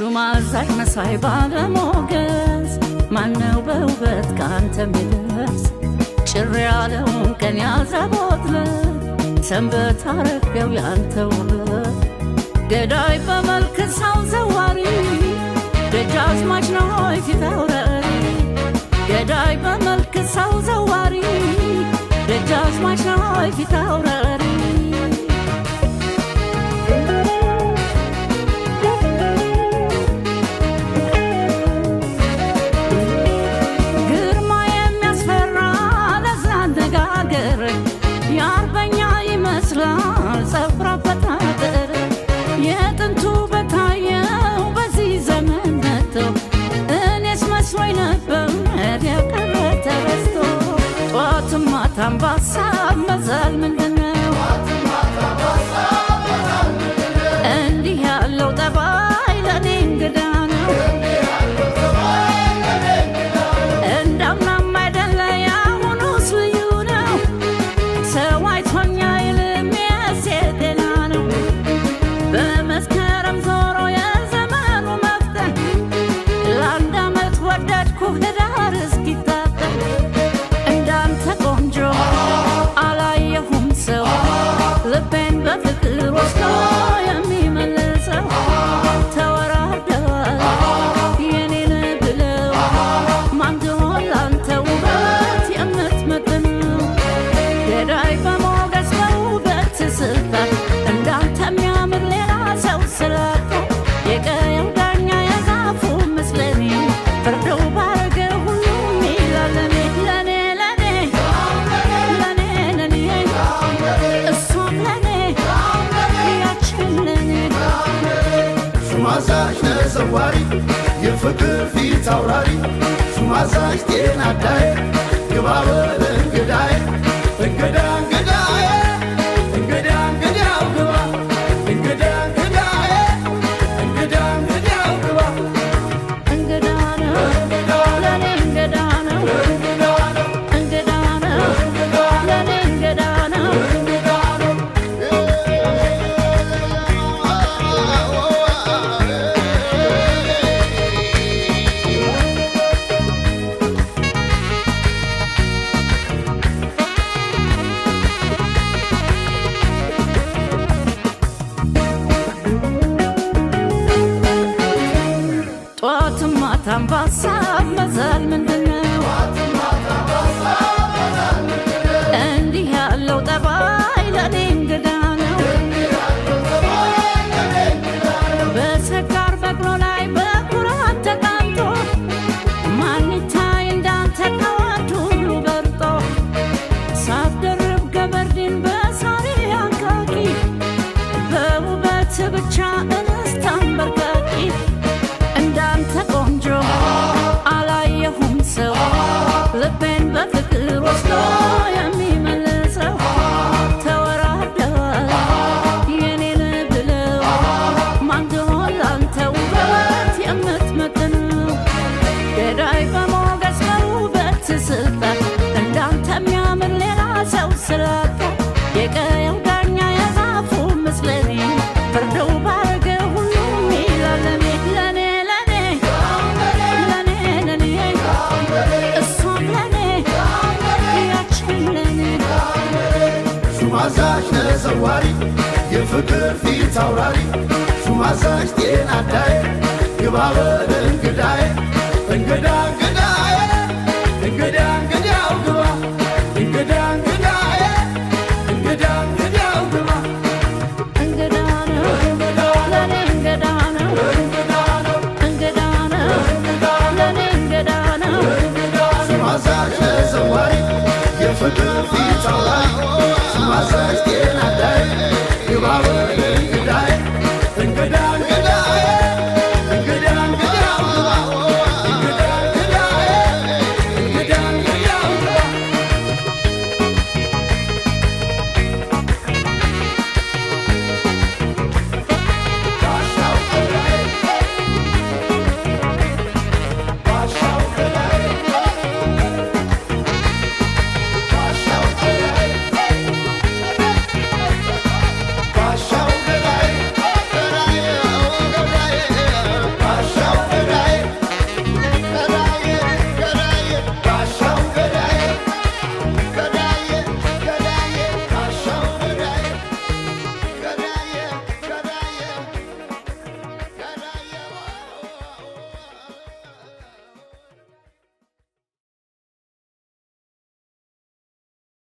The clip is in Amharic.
ሹማዛኝ መሳይ ባለሞገስ ማነው በውበት ከአንተ የሚደርስ ጭር ያለውን ቀን ያዘቦትለት ሰንበት አረገው ያንተ ገዳይ በመልክ ሰው ዘዋሪ ደጃዝማች ነው ሆይ ፊት አውራሪ ገዳይ በመልክ ሰው ዘዋሪ ደጃዝማች ነው ሆይ ሹማዛሽ ተሰዋሪ የፍቅር ፊት አውራሪ ጤና ዳዬ ግባ እንግዳዬ እንግዳ አምባሳ መዛል ምንድነው? እንዲህ ያለው ጠባይ ለኔ እንግዳ ነው። በስካር በቅሎ ላይ በኩራት ተቃንቶ ማን ይታይ እንዳንተ አዛዥ ተዘዋሪ የፍቅር ፊት አውራሪ ሹም አዛዥ ጤና አዳዬ ግባ በል እንግዳዬ እንግዳ እንግዳዬ እንግዳ እንግዳ እንግዳው ግባ እንግዳ ነው እንግዳ ለኔ I'll search the night.